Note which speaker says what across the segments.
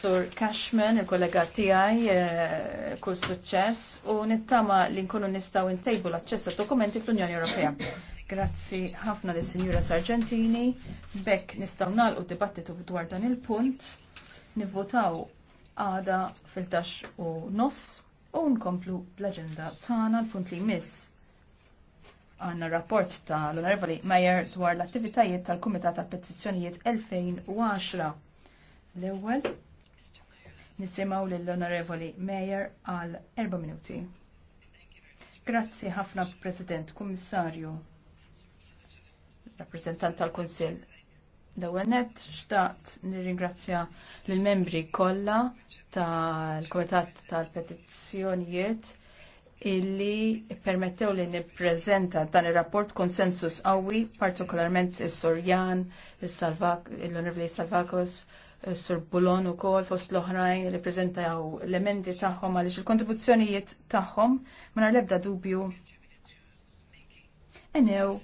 Speaker 1: Sur Cashman, il-kollega tiegħi, eh, kull suċċess u nittama li nkunu nistgħu ntejbu l-aċċess dokumenti fl-Unjoni Ewropea. Grazzi ħafna lis sinjura Sargentini, bekk nistgħu nagħlqu dibattitu dwar dan il-punt, nivvotaw għada fil-tax u nofs u nkomplu l-aġenda tagħna l-punt li jmiss għanna rapport ta' l-Onorevoli Majer dwar l-attivitajiet tal-Kumitat tal-Petizzjonijiet 2010. L-ewwel Nisimaw lill-Onorevoli Mayor għal erba' minuti. Grazzi ħafna President, Kummissarju, rappresentant tal-Konsil. L-ewwel xtaqt nirringrazzja lill-membri kollha tal komitat tal-Petizzjonijiet illi permettew li nipprezenta dan ir-rapport konsensus qawwi, partikolarment is-Sorjan, l onorvli Salvakos, Sur Bulon u kol fost l-oħrajn li prezentaw l-emendi tagħhom għaliex il-kontribuzzjonijiet tagħhom mingħajr l-ebda dubju. Enew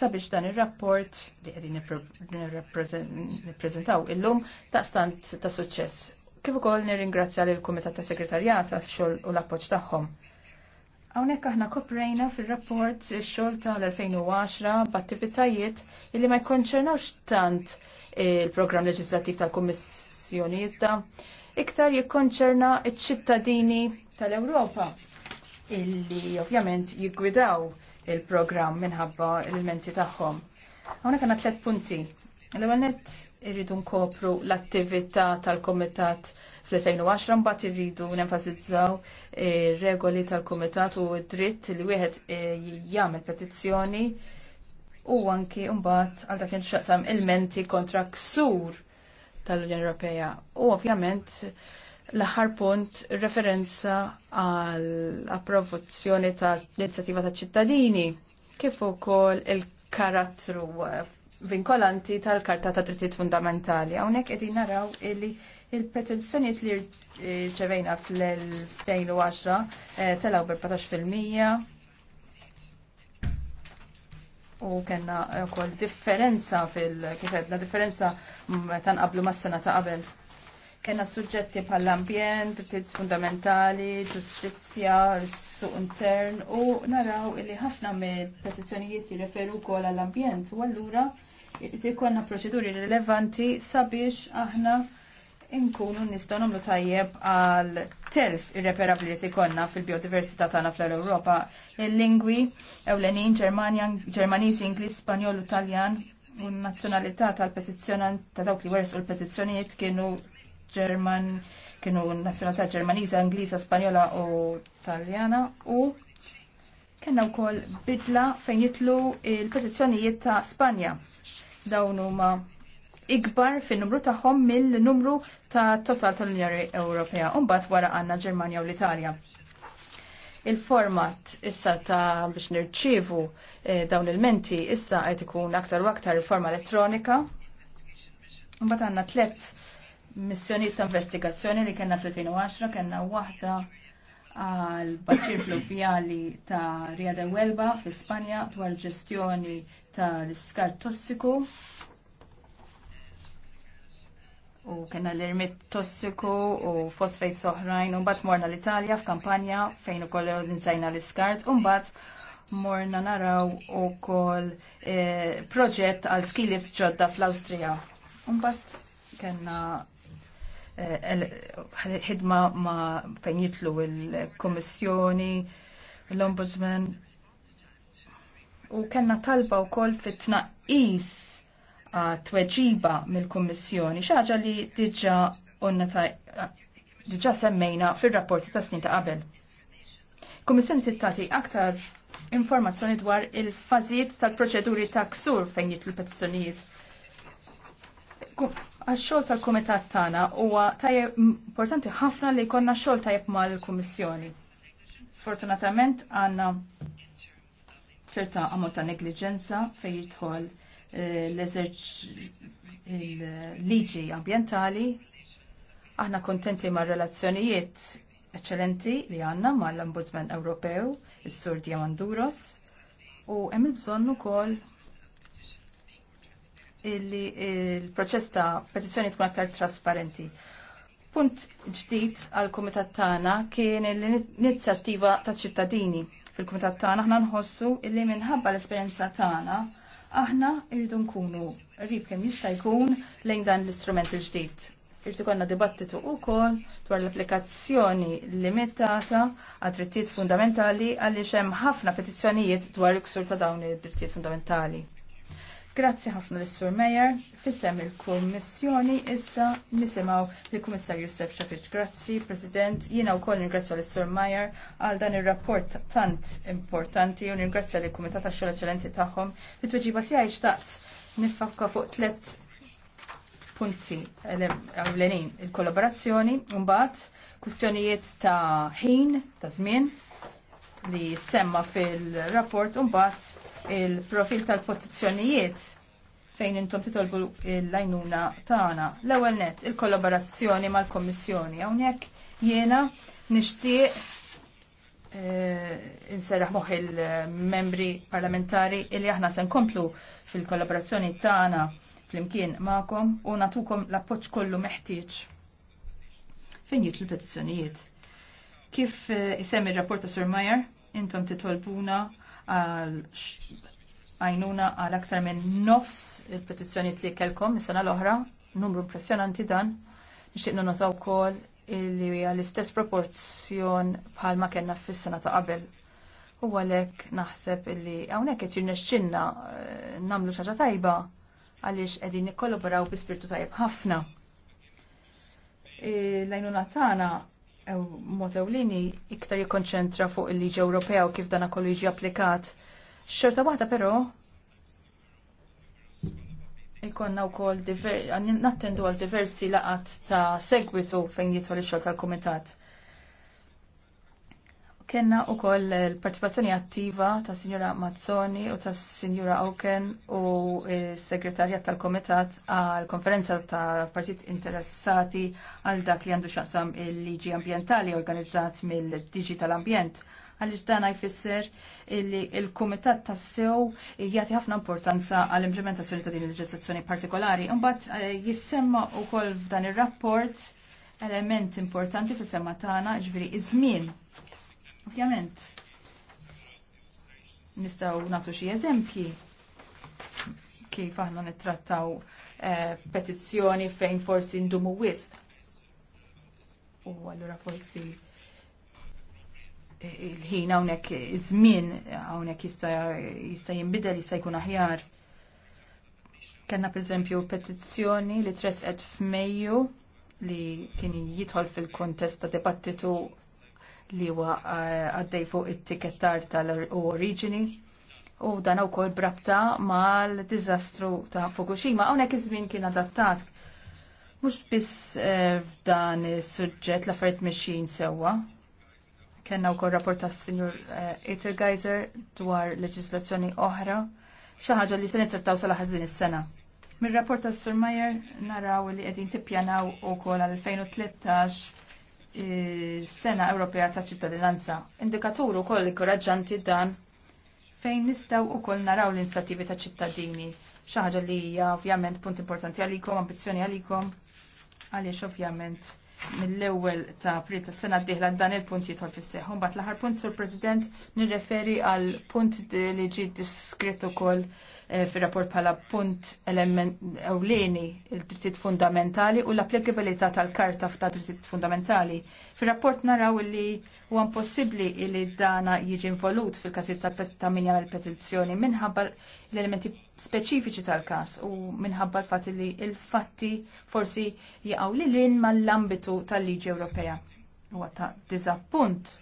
Speaker 1: sabiex dan ir-rapport li qegħdin nippreżentaw illum taqstant ta' suċċess. Kif ukoll nirringrazzja lill kumitat ta' Segretarjat għal xogħol u l-appoġġ tagħhom. Hawnhekk aħna koprejna fir-rapport ix-xogħol tal-2010 b'attivitajiet illi ma jkonċernawx tant il-programm leġislattiv tal-Kummissjoni iżda iktar jikkonċerna iċ-ċittadini tal-Ewropa illi ovvjament jiggwidaw il-programm minħabba l-elementi tagħhom. Hawnhekk għandna tliet punti. L-ewwel nett irridu nkopru l-attività tal-Komitat fl-2010 mbagħad irridu nenfasizzaw regoli tal-kumitat u d dritt li wieħed eh, jagħmel petizzjoni u anki mbagħad għal dak xaqsam il-menti kontra ksur tal-Unjoni Ewropea. U ovvjament l-aħħar punt referenza għall approvazzjoni tal-inizjattiva tal ċittadini kif ukoll il-karattru vinkolanti tal-Karta ta' Drittijiet Fundamentali. Hawnhekk qegħdin naraw illi Il-petizzjoniet li ċevejna fl-2010 eh, telaw b-14% u kena eh, kol differenza fil-kifedna, differenza tan qablu mas sena ta' qabel. Kena suġġetti bħall-ambjent, drittijiet fundamentali, ġustizzja, suq intern u naraw li ħafna mill petizzjonijiet jirreferu kol għall-ambjent u għallura ikonna proċeduri rilevanti sabiex aħna inkunu nistgħu nagħmlu tajjeb għal telf irreparabli ikollna fil-biodiversità tagħna fl-Ewropa. Il-lingwi ewlenin Ġermaniż, Ingliż, Spanjol u Taljan u n-nazzjonalità tal-petizzjonant ta' dawk li wersu l-petizzjonijiet kienu Ġerman, kienu nazzjonalità Ġermaniża, Ingliża, Spanjola u Taljana u kellna wkoll bidla fejn jitlu il petizzjonijiet ta' Spanja. Dawn huma ikbar fin-numru tagħhom mill-numru ta' total tal-Unjoni Ewropea. mbagħad wara għandna Ġermanja u l-Italja. Il-format issa ta' biex nirċievu eh, dawn il-menti issa qed ikun aktar u aktar forma elettronika. Mbagħad għandna tliet missjonijiet ta' investigazzjoni li kellna fl-2010, kellna waħda għal baċir fluvjali ta' Riada Welba fl-Ispanja dwar ġestjoni tal-iskar tossiku u kena l-irmit tossiku u fosfejt soħrajn u bat morna l-Italja f'kampanja fejn u koll nizzajna l-iskart u bat morna naraw u koll eh, proġett għal skilifs ġodda fl-Austria. bat kena eh, ħidma ma fejn jitlu il-Komissjoni, l-Ombudsman u kena talba u koll fit tnaqis tweġiba mill-Kummissjoni, xaġa li diġa onna ta' diġa semmejna fil-rapporti ta' snin ta' qabel. Kummissjoni tittati aktar informazzjoni dwar il-fażijiet tal-proċeduri ta' ksur fejn jitlu petizzjonijiet għax-xogħol tal-kumitat tagħna huwa tajjeb importanti ħafna li jkollna xogħol tajjeb mal-Kummissjoni. Sfortunatament għandna ċerta ammont ta' negliġenza fejn jidħol il-liġi ambientali. Aħna kontenti ma' relazzjonijiet eccellenti li għanna ma' l-Ombudsman Ewropew, il-Sur Diamanduros, u hemm il-bżonn ukoll illi il-proċess ta' petizzjoni tkun aktar trasparenti. Punt ġdid għal kumitat tagħna kien l-inizjattiva ta' ċittadini. Fil-kumitat tagħna aħna nħossu illi minħabba l-esperjenza tagħna aħna irridu nkunu rib kemm jista' jkun lejn dan l-istrument il-ġdid. Irtu konna dibattitu wkoll dwar l-applikazzjoni limitata għad drittijiet fundamentali għaliex hemm ħafna petizzjonijiet dwar il-ksur ta' dawn id-drittijiet fundamentali. Grazzi ħafna l-Sur Mejer, fissem il-Kommissjoni, issa nisimaw il Josef Xafiċ, Grazzi, President, jina u koll nirgrazzja l-Sur Mejer għal dan il-rapport tant importanti u nirgrazzja l-Komitat għax xogħol eċċellenti tagħhom. Fit-tweġiba tiegħi xtaqt nifakka fuq tliet punti għawlenin il-kollaborazzjoni, mbagħad kustjonijiet ta' ħin, ta' żmien li semma fil-rapport, un-bat, il-profil tal pozizjonijiet fejn intom titolbu l-lajnuna tagħna. L-ewwel net il-kollaborazzjoni mal-Kommissjoni hawnhekk jiena nixtieq eh, inserraħ moħħ il-membri parlamentari illi aħna se nkomplu fil-kollaborazzjoni tagħna flimkien magħkom u natukom l-appoġġ kollu meħtieġ fejn jitlu petizzjonijiet. Kif eh, isemmi ir-rapport ta' Sir Meyer, intom titolbuna għal għajnuna għal aktar minn nofs il petizjoni li kelkom is-sena l-oħra, numru impressjonanti dan, nixtiqnu notaw wkoll li hija l-istess proporzjon bħalma kellna fis-sena ta' qabel. U għalhekk naħseb li hawnhekk qed jirnexxinna eh, nagħmlu xi ħaġa tajba għaliex qegħdin nikkollaboraw bi spiritu tajjeb ħafna. Eh, l-għajnuna tagħna mod ewlini iktar jikkonċentra fuq il-liġi Ewropea u kif dan kollu jiġi applikat. Xorta waħda però ikonna wkoll nattendu għal diversi laqat ta' segwitu fejn jidħol ix-xogħol tal-kumitat kena u koll l-partipazzjoni attiva ta' Signora Mazzoni u ta' Signora Auken u segretarjat tal-Komitat għal-konferenza ta' partit interessati għal dak li għandu xaqsam il-liġi ambientali organizzat mill-Digital Ambient. Għalix dan jfisser il-Komitat ta' sew jgħati ħafna importanza għall-implementazzjoni ta' din il ġestazzjoni partikolari. Umbat eh, jissemma wkoll f'dan ir-rapport element importanti fil-fema tagħna ġifieri iż-żmien Ovvjament, nistaw natu xie eżempji kif aħna nittrattaw eh, petizzjoni fejn forsi ndumu wisq. U allura forsi eh, il-ħin hawnhekk iż-żmien hawnhekk jista' jista' jinbidel jista' jkun aħjar. Kenna pereżempju petizzjoni li tresqet f'Mejju li kien jidħol fil-kontest ta' dibattitu li huwa eh, għaddej fuq it-tikettar tal-oriġini u dan ukoll brabta mal-diżastru ta' Fukushima. Hawnhekk iż-żmien kien adattat mhux biss eh, f'dan is-suġġett l-affarijiet mexxin sewwa. Kenna wkoll rapport tas-Sinjur Ethergeiser eh, dwar leġislazzjoni oħra Xaħġa ħaġa li se nittrattaw sal din is-sena. Mir-rapport tas-Sur Meyer naraw li qegħdin tippjanaw ukoll għal 2013 sena Ewropea ta' ċittadinanza. Indikatur ukoll ikkoraġġanti dan fejn nistgħu wkoll naraw l-inizjattivi ta' ċittadini. Xi ħaġa li hija ovvjament punt importanti għalikom, ambizzjoni għalikom, għaliex ovvjament mill-ewwel ta' April tas-sena d-dieħla dan il-punt jidħol fis-seħħ. Mbagħad l-aħħar punt sur President nirreferi għal punt li ġie diskret ukoll Eh, fir-rapport bħala punt ewlieni il-drittijiet fundamentali u l-applikabilità tal-karta f'ta' drittijiet fundamentali. Fir-rapport naraw li huwa impossibbli li dana jiġi involut fil-każijiet ta' min jagħmel petizzjoni minħabba l-elementi speċifiċi tal-każ u minħabba l-fatt li l-fatti forsi jaqgħu lil lin mal-ambitu tal-liġi Ewropea. Huwa ta' punt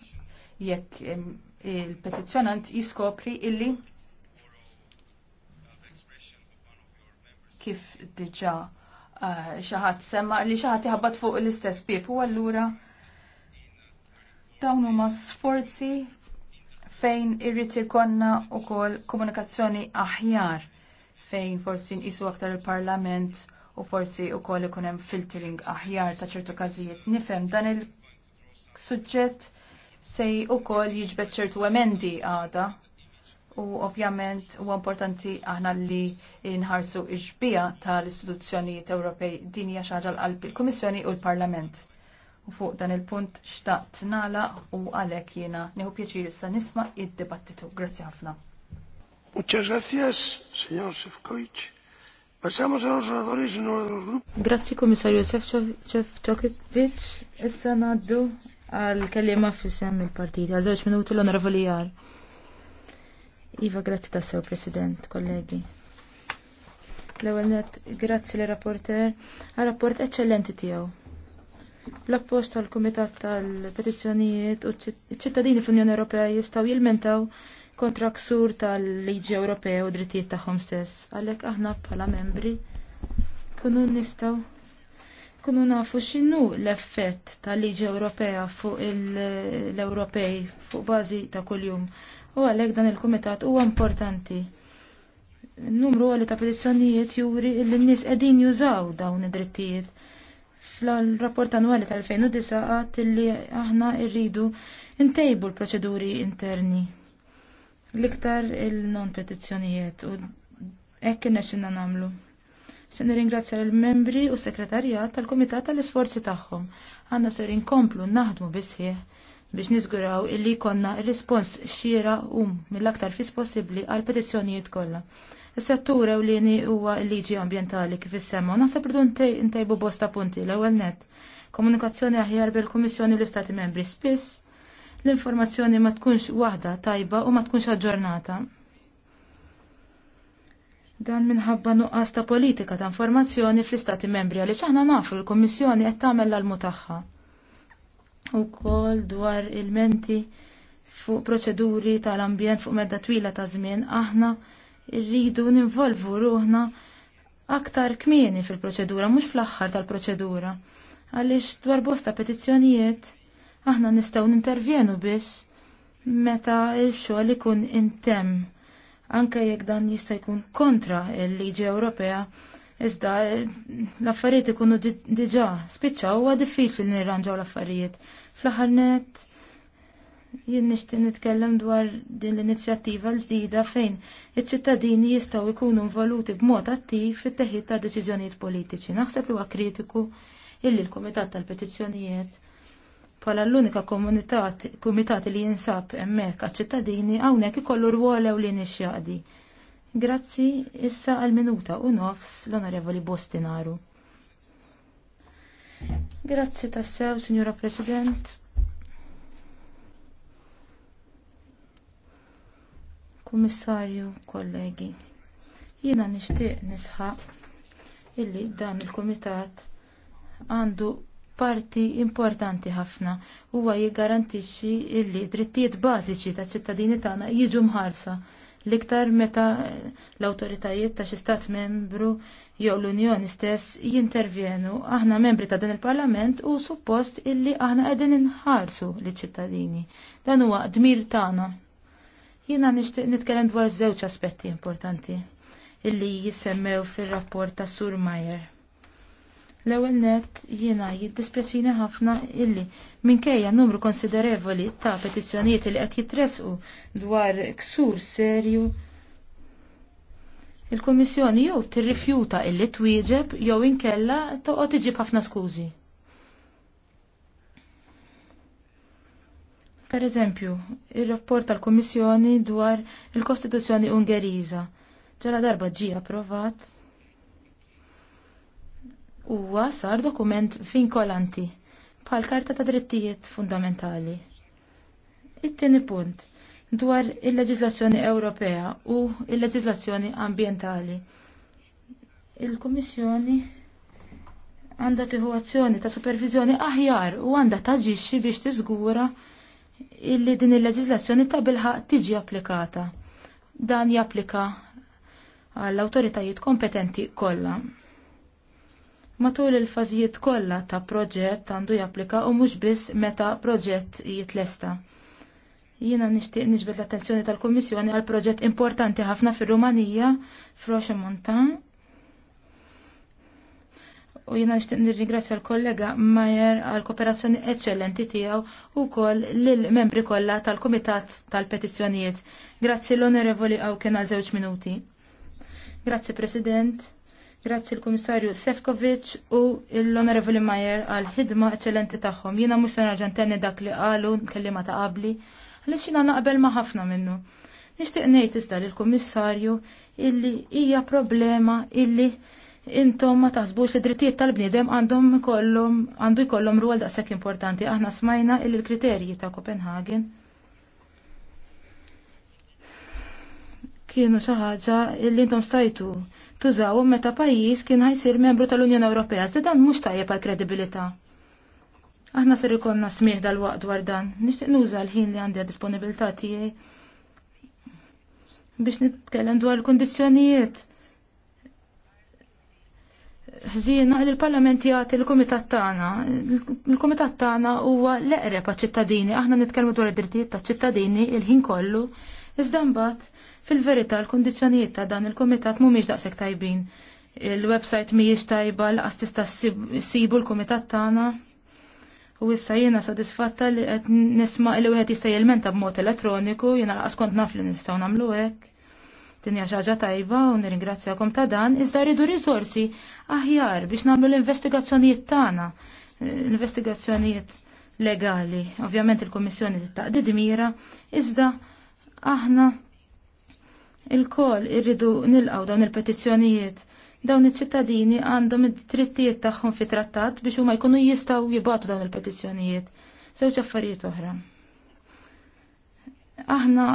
Speaker 1: jekk il-petizzjonant jiskopri illi kif diġa eh, xaħat semma li xaħat jħabbat fuq l-istess bib u għallura dawn huma sforzi fejn irrid ikonna wkoll komunikazzjoni aħjar fejn forsi nqisu aktar il-Parlament u forsi wkoll ikun hemm filtering aħjar ta' ċertu każijiet. Nifhem dan il-suġġett se wkoll jiġbed ċertu emendi għada u ovvjament u importanti aħna li nħarsu iġbija tal-istituzzjonijiet Ewropej din hija xaġa l-qalb il-Kummissjoni u l-Parlament. U fuq dan il-punt xtaqt nala u għalhekk jiena nieħu pjaċir issa nisma' id-dibattitu. Grazzi ħafna.
Speaker 2: Muchas gracias, señor Sefcovic. Passamos a los oradores en orden grupo.
Speaker 3: Grazzi Komissarju Sefcovic. Issa naddu għal kelliema fissem il-partiti. Għal żewġ minuti l-onorevoli jar. Iva, grazzi ta' sew, President, kollegi. L-ewel net, grazzi l-rapporter, għal-rapport eccellenti tijaw. L-appost tal-Komitat tal-Petizzjonijiet u ċittadini fl-Unjoni Ewropea jistaw jilmentaw kontra ksur tal-Liġi Ewropea u drittijiet tagħhom stess. Għalhekk aħna bħala membri kunu nistaw kunu nafu x'inhu l-effett tal-Liġi Ewropea fuq l-Ewropej fuq bażi ta' kuljum u għalhekk dan il-kumitat huwa importanti. Numru għalli ta' petizzjonijiet juri li n-nies qegħdin jużaw dawn id-drittijiet. Fl-rapport annwali tal-2009 għat li aħna rridu ntejbu l-proċeduri interni. L-iktar il-non petizzjonijiet u hekk nexxinna nagħmlu. Se nirringrazzja l-membri u s sekretarjat tal-Kumitat tal-isforzi tagħhom. Għanna ser inkomplu naħdmu bisħieħ biex niżguraw illi jkollna rispons xira u mill-aktar fis possibbli għal petizzjonijiet kollha. Is-settur ewlieni huwa l-liġi ambjentali kif issemma u naħseb rridu ntejbu bosta punti l-ewwel net. Komunikazzjoni aħjar bil-Kummissjoni u l-Istati Membri spiss l-informazzjoni ma tkunx waħda tajba u ma tkunx aġġornata. Dan minħabba nuqqas ta' politika ta' informazzjoni fl-Istati Membri għaliex aħna nafu l-Kummissjoni qed tagħmel l-almu tagħha kol dwar il-menti fuq proċeduri tal-ambjent fuq medda twila ta' żmien aħna rridu ninvolvu ruħna aktar kmieni fil-proċedura, mhux fl-aħħar tal-proċedura. Għaliex dwar bosta petizzjonijiet aħna nistgħu nintervjenu biss meta x-xogħol ikun intemm anke jekk dan jista' jkun kontra l-liġi Ewropea Iżda, l-affarijiet ikunu diġà spiċċa huwa diffiċli nirranġaw l-affarijiet. Fl-aħħar net, jien nixtieq nitkellem dwar din l-inizjattiva l-ġdida fejn iċ-ċittadini jistgħu jkunu involuti b'mod attiv fit-teħid ta' deċiżjonijiet politiċi. Naħseb li huwa kritiku illi l-Kumitat tal-Petizzjonijiet bħala l-unika komitat li jinsab hemmhekk għaċ-ċittadini hawnhekk ikollu rwol ewlieni x'jaqdi. Grazzi issa għal minuta u nofs l-Onorevoli Bostinaru. Grazzi tassew, Signora President. Kummissarju, kollegi. Jiena nixtieq nisħaq illi dan il-Kumitat għandu parti importanti ħafna huwa jiggarantixxi li drittijiet bażiċi taċ ċittadini tagħna jiġu mħarsa l-iktar meta l-autoritajiet ta' xi stat membru jew l-Unjoni stess jintervjenu. Aħna membri ta' din il-Parlament u suppost illi aħna qegħdin inħarsu l-ċittadini. Dan huwa dmir tagħna. Jiena nixtieq nitkellem dwar żewġ aspetti importanti illi jissemmew fir-rapport ta' Sur Mayer L-ewwel net jiena jiddispjaċini ħafna illi minkejja numru konsiderevoli ta' petizzjonijiet li qed jitresqu dwar ksur serju il-Kummissjoni jew tirrifjuta illi twieġeb jew inkella toqgħod iġib ħafna skużi. Per eżempju, ir-rapport tal-Kummissjoni dwar il-Kostituzzjoni Ungeriża ġara darba ġie approvat huwa sar dokument vinkolanti bħal karta ta' drittijiet fundamentali. It-tieni punt dwar il-leġislazzjoni Ewropea u il-leġislazzjoni ambientali. Il-Kummissjoni għandha tieħu azzjoni ta' supervizjoni aħjar u għandha taġixxi biex tiżgura illi din il-leġislazzjoni ta' bilħaq tiġi applikata. Dan japplika għall awtoritajiet kompetenti kollha. Matul il-fażijiet kollha ta' proġett għandu japplika u mhux biss meta proġett jitlesta. Jiena nixtieq niġbed l-attenzjoni tal-Kummissjoni għal proġett importanti ħafna fir-Rumanija f'Roxa Montan. U jiena nixtieq nirringrazzja l-kollega Majer għal kooperazzjoni eċċellenti tiegħu wkoll lill membri kollha tal-Kumitat tal-Petizzjonijiet. Grazzi l-Onorevoli Awken għal żewġ minuti. Grazzi President Grazzi l-Kummissarju Sefkovic u l-Onorevoli Majer għal-ħidma eċċellenti tagħhom. Jiena mhux se nerġa' ntenni dak li qalu nkellima ta' qabli, għaliex jiena naqbel ma' ħafna minnu. Nixtieq ngħid iżda lill-Kummissarju illi hija problema illi intom ma taħsbux li drittijiet tal-bniedem għandhom kollhom għandu jkollhom rwol daqshekk importanti. Aħna smajna illi l-kriterji ta' Copenhagen kienu xi ħaġa illi intom stajtu tużawhom meta pajjiż kien ħajsir membru tal-Unjoni Ewropea, se dan mhux tajjeb għal kredibilità. Aħna ser ikonna smieħ dal-waqt dwar dan, nixtieq nuża l-ħin li għandi disponibilità tiegħi biex nitkellem dwar il-kondizzjonijiet. Ħżiena li l-Parlament jagħti l-Kumitat tagħna. Il-Kumitat tagħna huwa l-eqreb għaċ-ċittadini, aħna nitkellmu dwar id-drittijiet taċ-ċittadini il-ħin kollu Iżda mbagħad fil-verità l-kundizzjonijiet ta' dan il-kumitat mhumiex daqshekk tajbin. Il-website mhijiex tajba l tista' ssibu l-kumitat tagħna. U issa jiena sodisfatta li qed nisma' li wieħed jista' jilmenta b'mod elettroniku, jiena laqas kont naf li nistgħu nagħmlu hekk. Dinja ħaġa tajba u nirringrazzjakom ta' dan, iżda rridu risorsi aħjar biex nagħmlu l-investigazzjonijiet tagħna, l-investigazzjonijiet legali. Ovvjament il kummissjoni tittaqdid mira, iżda Aħna il-kol irridu nilqaw dawn il-petizzjonijiet. Dawn iċ-ċittadini għandhom id-drittijiet tagħhom fi trattat biex huma jkunu jistgħu jibgħatu dawn il-petizzjonijiet. Żewġ affarijiet oħra. Aħna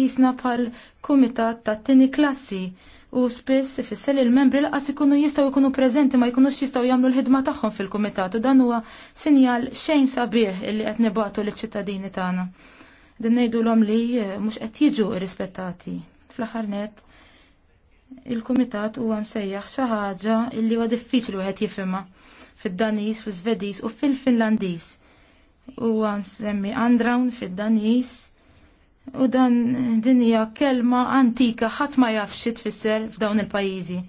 Speaker 3: jisna bħal kumitat ta' tini klassi u spiss ifisser il-membri laqas ikunu jistgħu jkunu preżenti ma jkunux jistgħu jagħmlu l-ħidma tagħhom fil-kumitat u dan huwa sinjal xejn sabiħ illi qed nibgħatu liċ-ċittadini tagħna din ngħidulhom li eh, mhux qed jiġu rispettati. Fl-aħħar net il-kumitat huwa msejjaħ xi ħaġa li huwa diffiċli wieħed jifima fid-Daniż, fil-Żvediż u fil-Finlandiż. Huwa semmi Andrawn fid-Daniż u dan din hija kelma antika ħadd ma jafx xi tfisser f'dawn il-pajjiżi.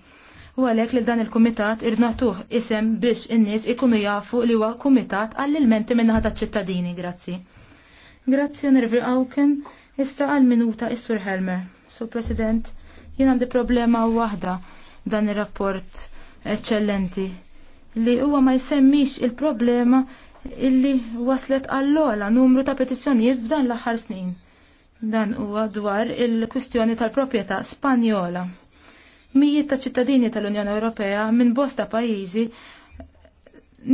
Speaker 3: U għalhekk li dan il-kumitat irnatuh isem biex in-nies ikunu jafu li huwa kumitat għall-ilmenti minnaħa taċ-ċittadini, grazzi. Grazzi Nervi Awken, issa għal minuta Issur Helmer. So President, jien għandi problema waħda dan ir-rapport eccellenti li huwa ma jsemmix il-problema illi waslet għallola numru ta' petizzjonijiet f'dan l-aħħar snin. Dan huwa dwar il-kwistjoni tal-proprjetà Spanjola. Mijiet ta' ċittadini tal-Unjoni Ewropea minn bosta pajjiżi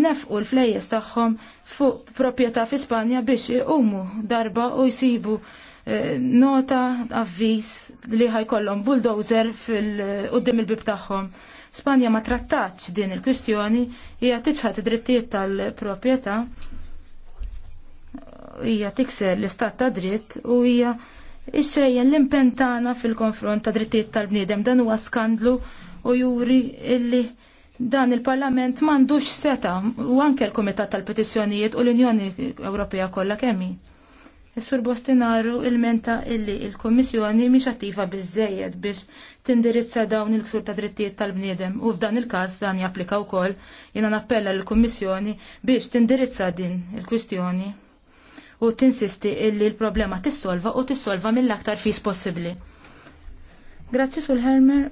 Speaker 3: nefqu l-flejjes tagħhom fuq proprjetà fi Spanja biex iqumu darba u jsibu eh, nota avviż li ħajkollhom bulldozer fil-qudiem il-bib tagħhom. Spanja ma trattax din il-kwistjoni hija tiċħat id-drittijiet tal-proprjetà hija tikser l-istat ta' dritt u hija ixxejjen l-impentana fil-konfront ta' drittijiet tal-bniedem dan huwa skandlu u juri illi dan il-Parlament m'għandux seta u anke l-Kumitat tal-Petizzjonijiet u l-Unjoni Ewropea kollha kemmi. Is-Sur Bostinaru il-menta illi il-Kommissjoni mhix attiva biżejjed biex tindirizza dawn il-ksur ta' drittijiet tal-bniedem u f'dan il-każ dan japplika wkoll jiena nappella l-Kummissjoni biex tindirizza din il-kwistjoni u tinsisti illi l-problema tissolva u tissolva mill-aktar fis possibbli. Grazzi sul Helmer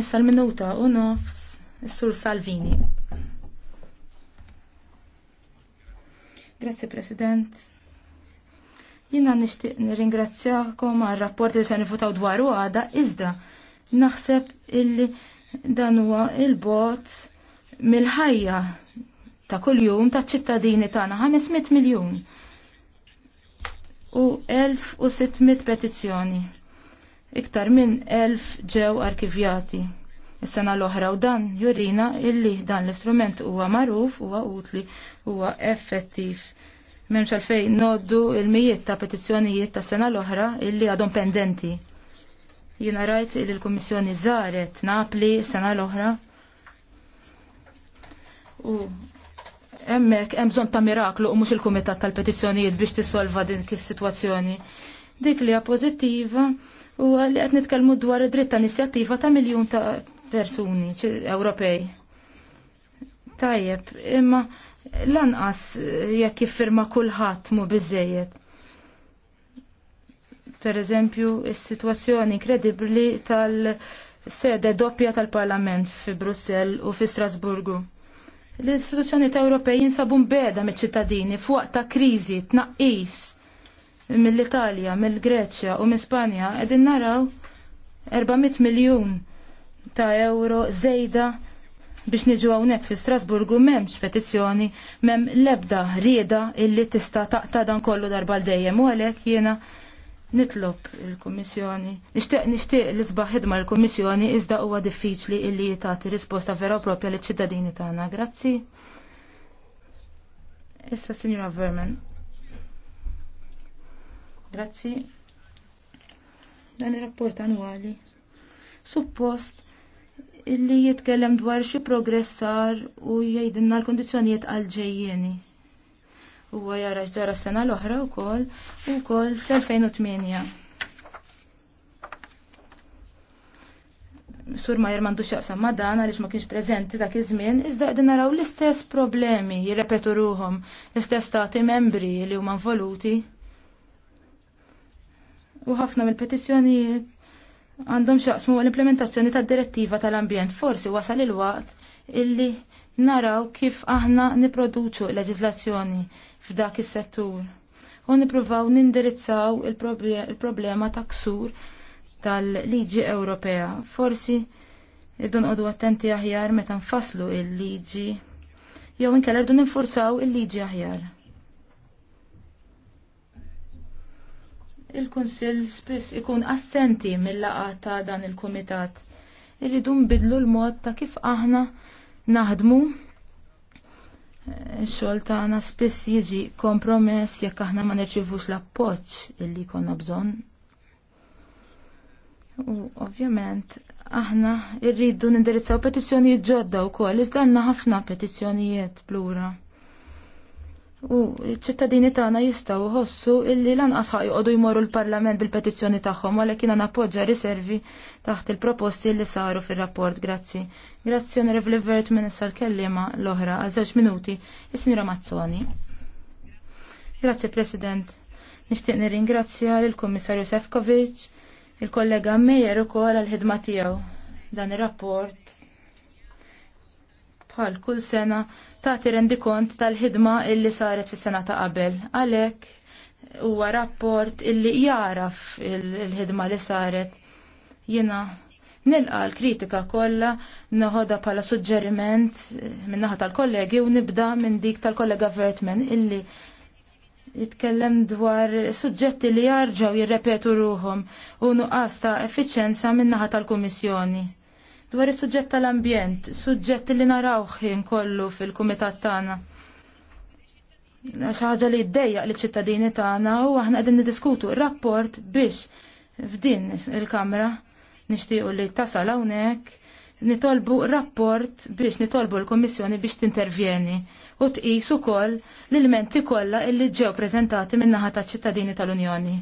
Speaker 3: Issa l-minuta u nofs is-Sur Salvini. Grazzi President. Jina nishtiq nirringrazzjakom għal rapport li se nifutaw dwaru għada, iżda naħseb illi dan huwa il-bot mill-ħajja ta' kuljum ta' ċittadini tagħna 500 miljun u 1600 petizzjoni iktar minn elf ġew arkivjati. Is-sena l-oħra u dan jurina illi dan l-istrument huwa magħruf, huwa utli, huwa effettiv. M'hemmx għalfejn noddu il-mijiet ta' petizzjonijiet ta' sena l-oħra illi għadhom pendenti. Jiena rajt illi l-Kummissjoni żaret Napli sena l-oħra. U hemmhekk hemm bżonn ta' miraklu u mhux il-Kumitat tal-Petizzjonijiet biex tissolva din is-sitwazzjoni. Dik li hija pożittiva u li qed nitkellmu dwar id-dritt ta' inizjattiva ta' miljun ta' persuni Ewropej. Tajjeb, imma lanqas jekk jiffirma kulħadd mu biżejjed. Per eżempju, is-sitwazzjoni kredibbli tal-sede doppja tal-Parlament fi Brussell u fi Strasburgu. L-istituzzjoni ta' Ewropej jinsabu mbeda miċ-ċittadini fuq ta' kriżi, tnaqqis, mill-Italja, mill-Greċja u mill Spanja qegħdin naraw 400 miljun ta' euro żejda biex niġu hawnhekk fi Strasburgu m'hemmx petizzjoni m'hemm l-ebda rieda illi tista' ta' dan kollu darba l dejjem u għalhekk jiena nitlob il-Kummissjoni. Nixtieq nixtieq li sbaħ ħidma l-Kummissjoni iżda huwa diffiċli illi jitati risposta vera propja liċ-ċittadini tagħna. Grazzi. Issa, Signora Verman. Grazzi. Dan ir-rapport annwali. Suppost illi jitkellem dwar xi progress sar u jgħidilna l-kondizzjonijiet għal ġejjeni Huwa jara ġara s-sena l-oħra wkoll u wkoll fl-2008. Sur ma jirmandu xaqsam ma dan għaliex ma kienx preżenti dak iż-żmien, iżda qegħdin naraw l-istess problemi jirrepetu ruhom, l-istess stati membri li huma involuti u ħafna mill-petizzjonijiet għandhom xaqsmu l-implementazzjoni tad-direttiva tal-ambjent. Forsi wasal il-waqt illi naraw kif aħna niproduċu leġizlazzjoni f'dak is-settur u nipruvaw nindirizzaw il-problema ta' ksur tal-liġi Ewropea. Forsi iddun qodu attenti aħjar meta nfasslu il-liġi jew inkella rdu ninfurzaw il-liġi aħjar. il-Kunsill spiss ikun assenti mill-laqa ta' dan il-Kumitat. Irridu nbidlu l-mod ta' kif aħna naħdmu eh, xogħol tagħna spiss jiġi kompromess jekk aħna ma nirċivux l-appoġġ illi jkollna bżonn. U ovvjament aħna rridu nindirizzaw petizzjonijiet ġodda wkoll iżda għandna ħafna petizzjonijiet plura. U ċittadini tagħna jistgħu jħossu illi lanqas ħajqodu jmorru l-Parlament bil-petizzjoni tagħhom għalhekk jiena nappoġġa riservi taħt il-proposti li saru fir-rapport. Grazzi. Grazzi Onorevoli Vert minn issa l-kellima l-oħra għal żewġ minuti is-Sinjura Mazzoni. Grazzi President. Nixtieq nirringrazzja lill kummissarju Sefkovic, il-kollega Mejer ukoll għall ħidma tiegħu dan ir-rapport bħal kull sena tagħti rendikont tal-ħidma illi saret fis-sena ta' qabel. Għalhekk huwa rapport illi jaraf il-ħidma li saret. Jiena nilqa l-kritika kollha noħodha bħala suġġeriment min-naħa tal-kollegi u nibda minn dik tal-kollega Vertman illi jitkellem dwar suġġetti li jarġaw jirrepetu ruhom u nuqqas ta' effiċenza min-naħa tal-Kummissjoni dwar is-suġġett tal-ambjent, suġġett li narawh ħin kollu fil-kumitat tagħna. Xi ħaġa li jdejjaq liċ ċittadini tagħna u aħna qegħdin niddiskutu rapport biex f'din il-kamra nixtiequ li tasal hawnhekk nitolbu rapport biex nitolbu l-Kommissjoni biex tintervjeni u tqis ukoll l-ilmenti kollha illi ġew preżentati min-naħa taċ-ċittadini tal-Unjoni.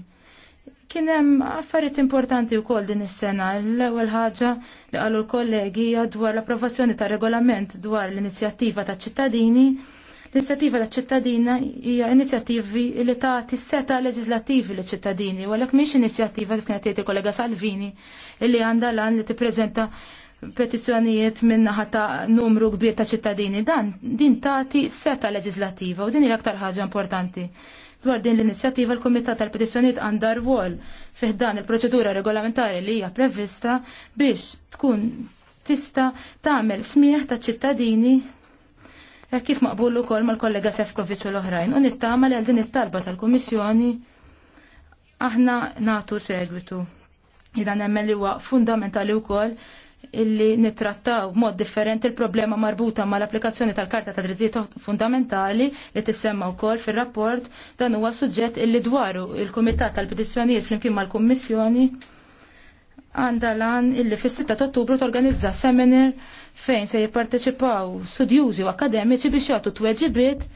Speaker 3: Kien hemm affarijiet importanti wkoll din is-sena. L-ewwel ħaġa li qalu l-kollegi dwar l-approvazzjoni ta' regolament dwar l-inizjattiva ta' ċittadini. L-inizjattiva ta' ċittadina hija inizjattivi li tagħti seta' leġislattivi li ċittadini, u għalhekk mhix inizjattiva kif kienet jgħid kollega Salvini li għandha lan li tippreżenta petizzjonijiet minnaħa ta' numru kbir ta' ċittadini dan din tagħti seta' leġislativa u din hija aktar ħaġa importanti. Dwar din l-inizjattiva l-Kumitat tal-Petizzjonijiet għandha rwol fih dan il-proċedura regolamentari li hija prevista biex tkun tista tagħmel smieħ ta' ċittadini eh, kif maqbul ukoll mal-kollega Sefkovic u l-oħrajn u nittama li għal din it-talba tal-Kummissjoni aħna natu segwitu. Jidan hemm li huwa fundamentali wkoll illi nittrattaw mod differenti il-problema marbuta ma l-applikazzjoni tal-Karta ta' Drittijiet Fundamentali li tissemma wkoll fir-rapport dan huwa suġġett illi dwaru il-Kumitat tal-Petizzjonijiet flimkien mal-Kummissjoni għanda lan illi fis-6 ta' Ottubru torganizza seminar fejn se jipparteċipaw studjużi u akademiċi biex jagħtu tweġibiet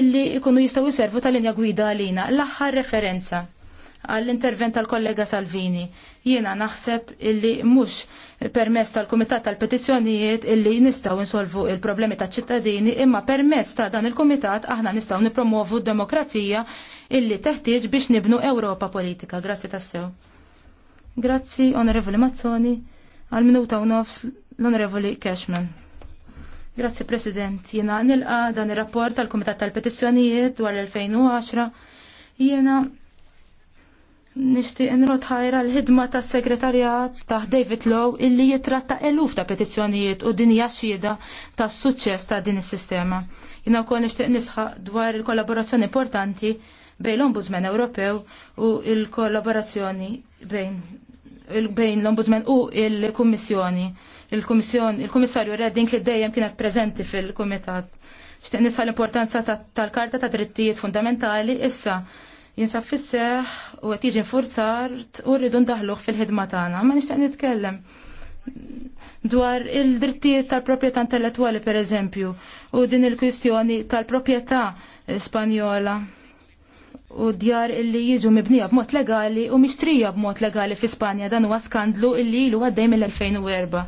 Speaker 3: illi ikunu jistgħu jservu tal-linja gwida għalina l-aħħar referenza għall-intervent tal-kollega Salvini. Jiena naħseb illi mhux permess tal-Kumitat tal-Petizzjonijiet illi nistgħu insolvu il-problemi taċ-ċittadini, imma permess ta' dan il-Kumitat aħna nistgħu nipromovu d-demokrazija illi teħtieġ biex nibnu Ewropa politika. Grazzi tassew. Grazzi, Onorevoli Mazzoni, għal-minuta u nofs l-Onorevoli Cashman. Grazzi President, Jiena nilqa dan ir rapport tal kumitat tal-Petizzjonijiet dwar l-2010. jiena. Nishtiq nrot ħajra l-ħidma tas segretarjat ta' David Low illi jitratta eluf ta' petizzjonijiet u din hija xhieda tas suċċess ta' din is-sistema. Jina wkoll nixtieq nisħaq dwar il-kollaborazzjoni importanti bejn l-Ombudsman Ewropew u il-kollaborazzjoni bejn bejn l-Ombudsman u il-Kummissjoni. Il-Kummissarju Redding li dejjem kienet preżenti fil-Kumitat. Xtieq nisħaq l-importanza tal-Karta ta' Drittijiet Fundamentali issa jinsab fisseħ u qed jiġi nfurzart u rridu ndaħluh fil-ħidma tagħna. Ma nixtieq nitkellem dwar il-drittijiet tal-proprjetà intellettwali pereżempju u din il-kwistjoni tal-proprjetà Spanjola u djar illi jiġu mibnija b'mod legali u mixtrija b'mod legali fi Spanja dan huwa skandlu illi ilu għaddej mill-2004.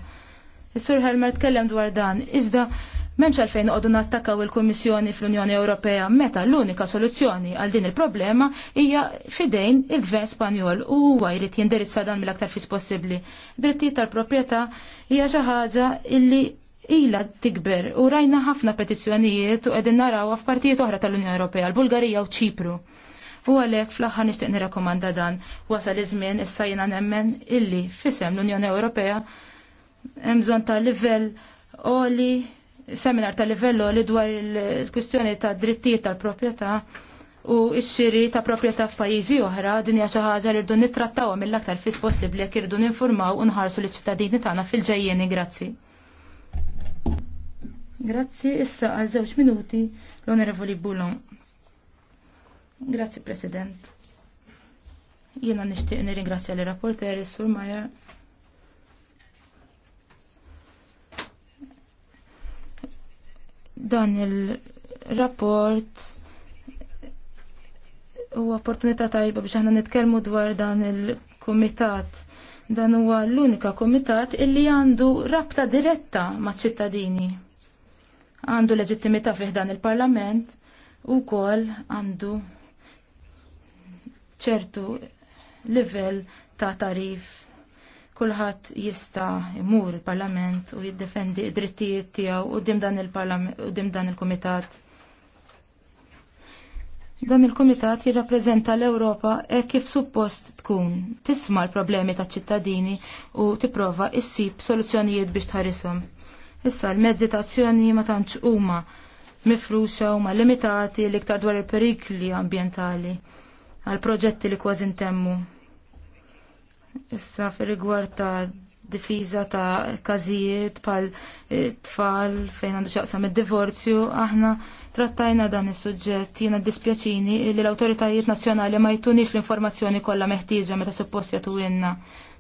Speaker 3: Is-Sur Helmer tkellem dwar dan, iżda Memx għalfejn għodun attakaw il-Kommissjoni fl-Unjoni Ewropea meta l-unika soluzzjoni għal din il-problema hija fidejn il-Gvern Spanjol u huwa jrid jindirizza dan mill-aktar fis possibbli. Drittijiet tal-proprjetà hija xi ħaġa illi ila tikber u rajna ħafna petizzjonijiet u qegħdin narawha f'partijiet oħra tal-Unjoni Ewropea, l-Bulgarija u Ċipru. U għalhekk fl-aħħar nixtieq nirrakkomanda dan wasal iż-żmien issa jiena nemmen illi fisem l-Unjoni Ewropea hemm bżonn ta' livell oli seminar ta' livello li dwar il-kwistjoni ta' drittijiet tal propieta u x-xiri ta' proprjetà f'pajjiżi oħra din hija xi ħaġa li rridu nittrattawha mill-aktar fis possibbli jekk irridu ninformaw u nħarsu liċ-ċittadini tagħna fil-ġejjeni grazzi. Grazzi issa għal żewġ minuti l-Onorevoli Bulon. Grazzi President. Jiena nixtieq nirringrazzja l-rapporteri Sur Majer Dan il-rapport u opportunità tajba biex aħna nitkellmu dwar dan il-kumitat. Dan huwa l-unika kumitat illi għandu rabta diretta maċ ċittadini. Għandu leġittimità fih dan il-Parlament u kol għandu ċertu livell ta' tarif kulħadd jista' jmur il-Parlament u jiddefendi d-drittijiet tiegħu dim dan il-Parlament dim dan il-Kumitat. Dan il-Kumitat jirrappreżenta l-Ewropa e kif suppost tkun tisma' l-problemi taċ-ċittadini u tipprova issib soluzzjonijiet biex tħarisom. Issa l-mezzi ta' azzjoni ma tantx huma mifruxa u ma limitati l-iktar dwar il-perikli ambientali għal proġetti li kważi ntemmu Issa fir-rigward ta' difiża ta' każijiet pal eh, tfal fejn għandu xaqsam id-divorzju, aħna trattajna dan is-suġġett jiena dispjaċini li l-awtoritajiet nazzjonali ma jtunix l-informazzjoni kollha meħtieġa meta suppost jagħtu għinna.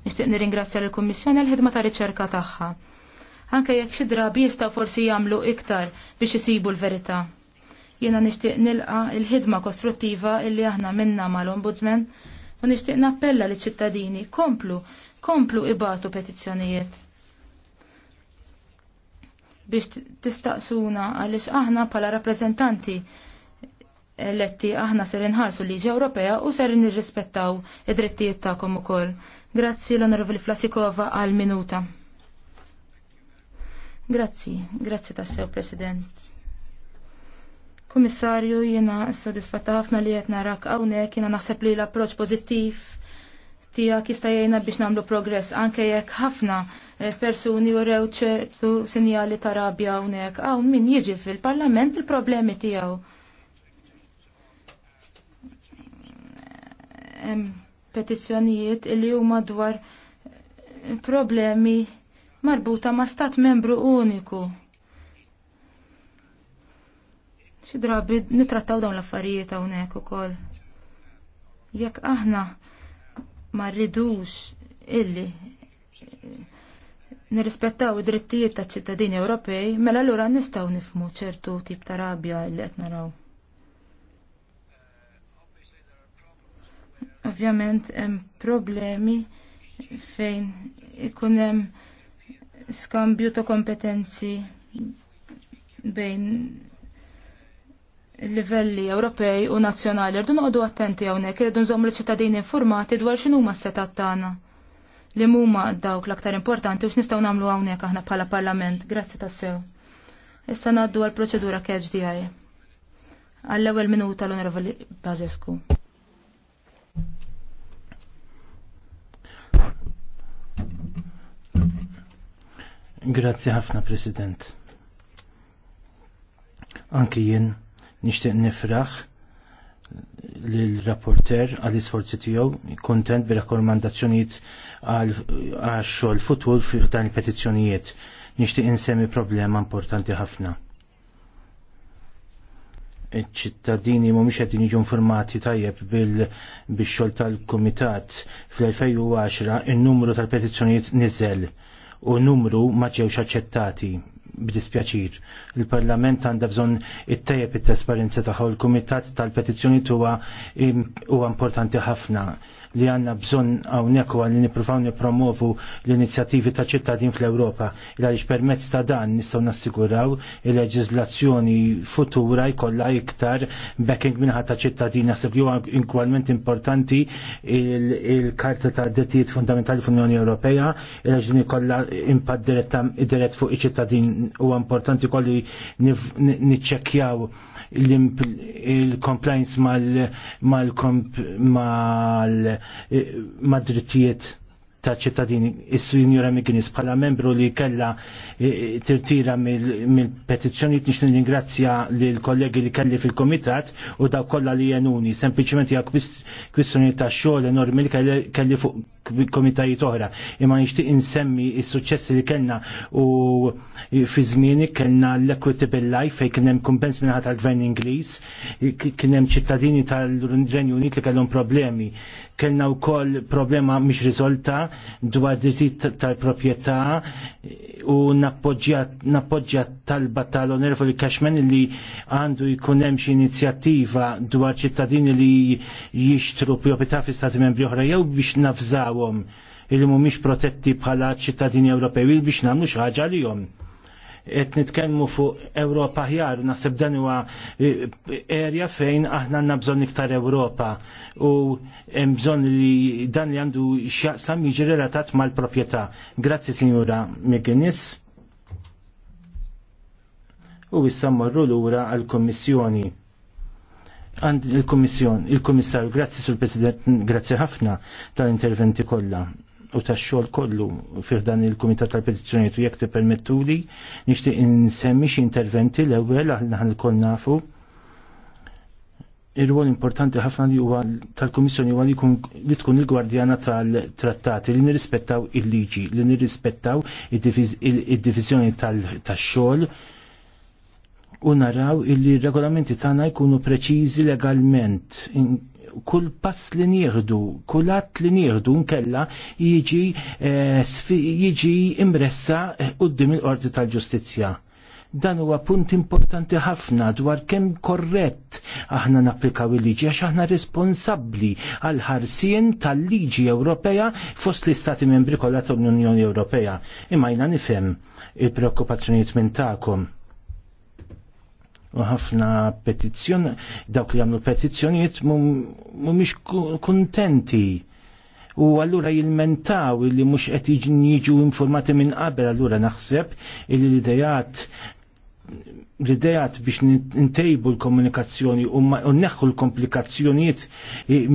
Speaker 3: Nixtieq nirringrazzja lill-Kummissjoni għal ħidma ta' riċerka tagħha. Anke jekk xi drabi jistgħu forsi jagħmlu iktar biex isibu l-verità. Jiena nixtieq nilqa' il-ħidma kostruttiva illi aħna minna mal-Ombudsman U nixtieq nappella li ċittadini komplu, komplu ibatu petizzjonijiet. Biex tistaqsuna għaliex aħna pala rappreżentanti eletti aħna ser inħarsu liġi Ewropea u ser nirrispettaw id-drittijiet tagħkom ukoll. Grazzi l-Onorevoli Flasikova għal minuta. Grazzi, grazzi tassew President. Komissarju, jiena s-sodisfatta ħafna li qed narak hawnhekk, jiena naħseb li l-approċċ pożittiv tijak jista' biex nagħmlu progress anke jekk ħafna eh, persuni u rew ċertu sinjali ta' rabja hawnhekk hawn min jiġi fil-Parlament bil-problemi tiegħu. Petizzjonijiet li huma dwar problemi marbuta ma' stat membru uniku. Xi drabi nitrattaw dawn l-affarijiet hawnhekk ukoll. Jekk aħna ma rridux illi eh, nirrispettaw id-drittijiet ta' ċittadini Ewropej, mela allura nistgħu nifmu ċertu tip ta' rabja li qed naraw. Ovvjament hemm problemi fejn ikun hemm skambju ta' kompetenzi bejn livelli Ewropej u nazzjonali rridu noqogħdu attenti hawnhekk irridu nżomm l-ċittadini informati dwar x'inhu huma setat tagħna li huma dawk l-aktar importanti u x'nistgħu nagħmlu hawnhekk aħna bħala Parlament. Grazzi tassew. Issa ngħaddu għall proċedura catch DI. Għall-ewwel minuta l-Onorevoli Bazescu.
Speaker 2: Grazzi ħafna, President. Anki jien Nixtieq nifraħ l-rapporter għall-isforzi tiegħu kontent bir-rakkomandazzjonijiet għax-xogħol futur fi dan il-petizzjonijiet. Nixtieq insemmi problema importanti ħafna. Iċ-ċittadini mhumiex qed jiġu informati tajjeb bil-xogħol tal-Kumitat fl-2010 in-numru tal-petizzjonijiet niżel u n numru ma ġewx aċċettati b'dispjaċir. Il-Parlament għandha bżonn tejjeb it-trasparenza taħħu, u l-Kumitat tal-Petizzjoni huwa importanti ħafna li għanna bżon għawnek u għalli niprofaw nipromovu l-inizjativi ta' ċittadin fl-Europa. Il-għalix permezz ta' dan nistaw nassiguraw il-leġizlazzjoni futura jkollha iktar backing minħa ta' ċittadin. Nasib li huwa importanti il-karta ta' dettijiet fundamentali fl-Unjoni Ewropea, il-għalix kollha impatt dirett fuq iċ-ċittadin huwa importanti kolli niċċekkjaw il-compliance mal-mal Eh, mad-drittijiet ta' ċittadini. is sinjora Mikinis bħala membru li kella eh, tirtira mill petizzjonijiet nix ningrazzja li l-kollegi li kelli fil-komitat u daw kollha li jenuni. Sempliċement hija kwistjoni ta' xogħol enormi li kelli fuq komitajiet oħra. Imma nixtieq insemmi is-suċċessi li kellna u fi żmieni kellna l-Equitable Life fejn kien hemm kumpens minn tal-Gvern Ingliż, kien hemm ċittadini tal-Renju Unit li kellhom problemi. Kellna wkoll problema mhix riżolta dwar drittijiet tal-proprjetà u nappoġġja talba tal-Onerfu li Cashman li għandu jkun hemm xi inizjattiva dwar ċittadini li jixtru proprjetà fi stati membri oħra jew biex nafżaw tagħhom illi mhumiex protetti bħala ċittadini Ewropew biex nagħmlu xi ħaġa lihom qed nitkellmu fuq Ewropa ħjar, naħseb dan huwa erja fejn aħna għandna bżonn iktar Ewropa u hemm bżonn li dan li għandu x'jaqsam jiġi relatat mal-proprjetà. Grazzi Sinjura McGuinness. U issa mmorru lura għall kummissjoni għand il-Komissjon, il-Komissarju, grazzi sur President, grazzi ħafna tal-interventi kollha u tax-xogħol kollu fih dan il-Kumitat tal-Petizzjonijiet u jekk tippermettuli nixtieq insemmi xi interventi l-ewwel aħna l-koll nafu ir-rwol importanti ħafna li huwa tal-Kummissjoni huwa li tkun il-gwardjana tal-trattati li nirrispettaw il-liġi, li nirrispettaw id-diviżjoni tax-xogħol u naraw illi regolamenti tagħna jkunu preċiżi legalment. Kull pass li nieħdu, kull att li nieħdu nkella jiġi eh, jiġi imressa eh, qudiem il-Qorti tal-Ġustizzja. Dan huwa punt importanti ħafna dwar kemm korrett aħna napplikaw il-liġi għax aħna responsabbli għal ħarsien tal-liġi Ewropea fost l-Istati membri kollha tal-Unjoni Ewropea. Imma jna nifhem il-preokkupazzjonijiet minn tagħkom u ħafna petizzjon dawk li għamlu petizzjonijiet mhumiex kuntenti u allura jilmentaw li mhux qed jiġu informati minn qabel allura naħseb il-idejat l-idejat biex ntejbu l-komunikazzjoni u neħħu l-komplikazzjonijiet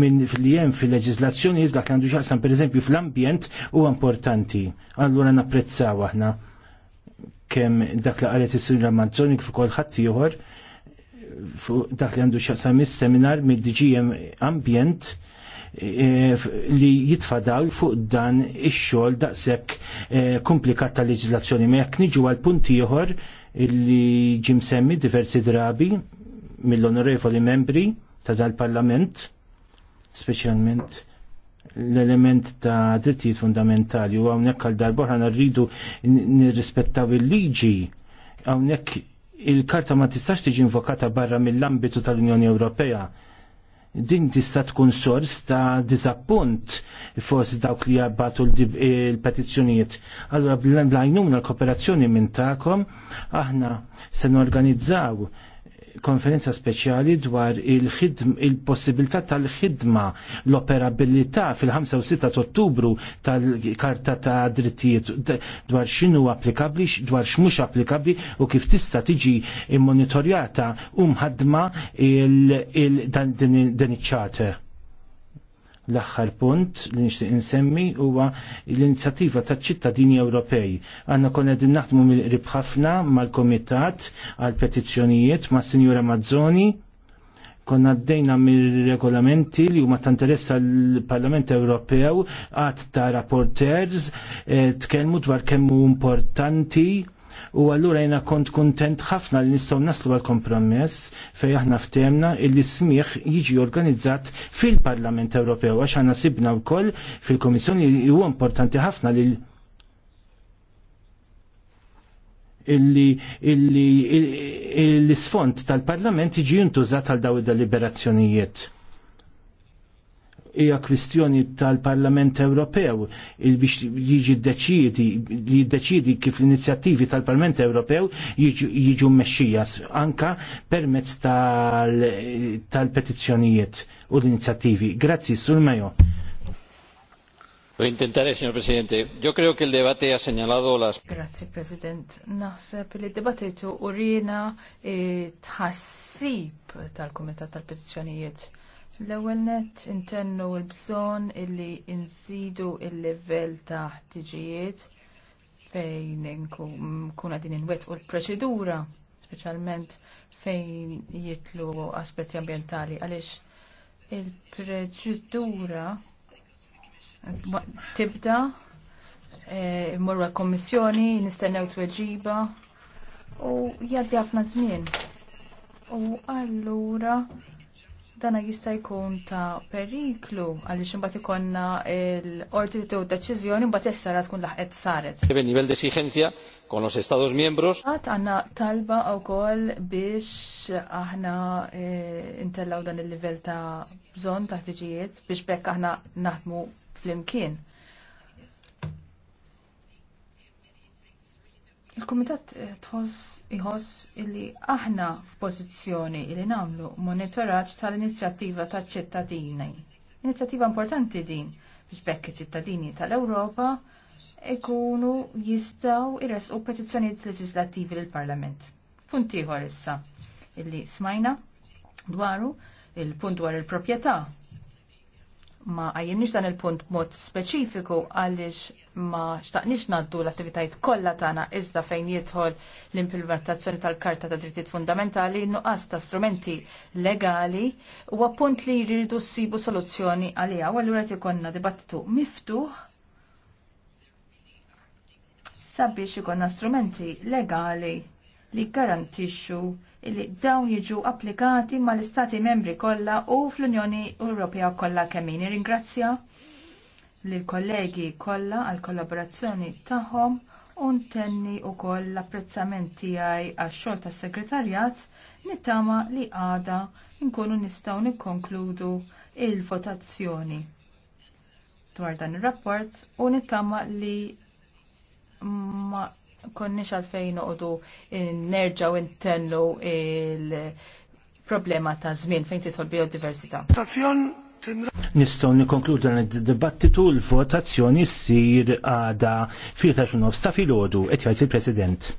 Speaker 2: minn fil-jem fil-leġizlazzjoni dak għandu xaqsan per eżempju fl-ambjent u importanti. Allura napprezzaw aħna kemm dak li qalet is-sinjora Manzoni fi kol ieħor fuq dak li għandu xaqsam is-seminar mid-DGM Ambjent e, li jitfadaw fuq dan ix-xogħol daqshekk e, komplikat tal leġizlazzjoni. Ma jekk niġu għal punti ieħor li ġim semmi diversi drabi mill-onorevoli membri ta' dal-Parlament, speċjalment l-element ta' drittijiet fundamentali u hawnhekk għal darbohra rridu nirrispettaw il-liġi hawnhekk il-karta ma tistax tiġi invokata barra mill-ambitu tal-Unjoni Ewropea. Din tista' tkun sors ta' diżappunt fost dawk li jabbatu l-petizzjonijiet. Allura bl-għajnuna l-kooperazzjoni minn ta'kom, aħna se norganizzaw konferenza speċjali dwar il-possibilità il tal-ħidma l-operabilità fil-5 u 6 ottubru tal-karta ta' drittijiet dwar xinu applikabli, dwar xmux applikabli u kif tista tiġi immonitorjata u mħadma il-dan din il-charter. L-aħħar punt li nixtieq insemmi huwa l-inizjattiva taċ-ċittadini Ewropej. Għandna konna din naħdmu mill-qrib ħafna mal-Komitat għal petizzjonijiet ma' Sinjura Mazzoni konna għaddejna mir-regolamenti li huma ta' interess parlament Ewropew għad ta' rapporters eh, tkellmu dwar kemm importanti U għallura jena kont kontent ħafna li nistgħu naslu għal kompromess fejn aħna ftemna illi smieħ jiġi organizzat fil-Parlament Ewropew għax aħna sibna wkoll fil-Komissjoni huwa importanti ħafna li illi l-isfond tal-Parlament jiġi jintużat għal daw id-deliberazzjonijiet hija kwistjoni tal-Parlament Ewropew biex jiġi deċidi li jiddeċidi kif l-inizjattivi tal-Parlament Ewropew jiġu mmexxija anka permezz tal-petizzjonijiet u l-inizjattivi. Grazzi, Sur Mejo.
Speaker 1: Lo intentaré, señor presidente. Yo creo que el debate ha señalado las... president. Naħseb li d-debattitu urina eh, tħassib tal kumitat tal-Petizzjonijiet L-ewwel nett intennu l-bżonn illi insidu il-livell ta' ħtiġijiet fejn nkun din inwettqu l-proċedura, speċjalment fejn jitlu aspetti ambjentali għaliex il-proċedura tibda eh, imorru l-kommissjoni, nistennew tweġiba u jgħaddi ħafna żmien. U allura dana jista' jkun ta' periklu għaliex imbagħad ikonna l-qorti tew deċiżjoni mbagħad issa ra tkun laħqet saret. Kif nivell livell de exigencia con los Estados miembros. Għad għandna talba wkoll biex aħna eh, intellaw dan il-livell ta' bżonn ta' ħtiġijiet biex bekk aħna naħdmu flimkien. Il-Kumitat eh, tħoss iħoss illi aħna f'pożizzjoni illi namlu monitoraġġ tal-inizjattiva taċ-ċittadini. Inizjattiva importanti din biex bekk iċ-ċittadini tal-Ewropa ikunu jistaw irresqu petizzjonijiet leġislattivi lill parlament Punt ieħor issa illi smajna dwaru il-punt dwar il-proprjetà ma għajjimniex dan il-punt mod speċifiku għaliex ma xtaqnix naddu l-attivitajiet kollha tagħna iżda fejn jidħol l-implementazzjoni tal-Karta ta' Drittijiet Fundamentali nuqqas ta' strumenti legali u appunt li jridu ssibu soluzzjoni għaliha u allura qed ikollna dibattitu miftuħ sabiex ikonna strumenti legali li garantixxu li dawn jiġu applikati mal-Istati membri kollha u fl-Unjoni Ewropea kollha kemm Ringrazzja lill kollegi kollha għall kollaborazzjoni tagħhom u ntenni wkoll l-apprezzament tiegħi għax-xogħol tas-segretarjat nittama li għada nkunu nistgħu nikkonkludu l votazzjoni dwar dan ir-rapport u nittama li ma konniex għalfejn noqogħdu nerġgħu intennu il-problema ta' żmien fejn titħol biodiversità.
Speaker 2: Nistgħu nikkonkludu id-dibattitu l-votazzjoni ssir għada fil-13 ta' filgħodu qed jgħid il-President.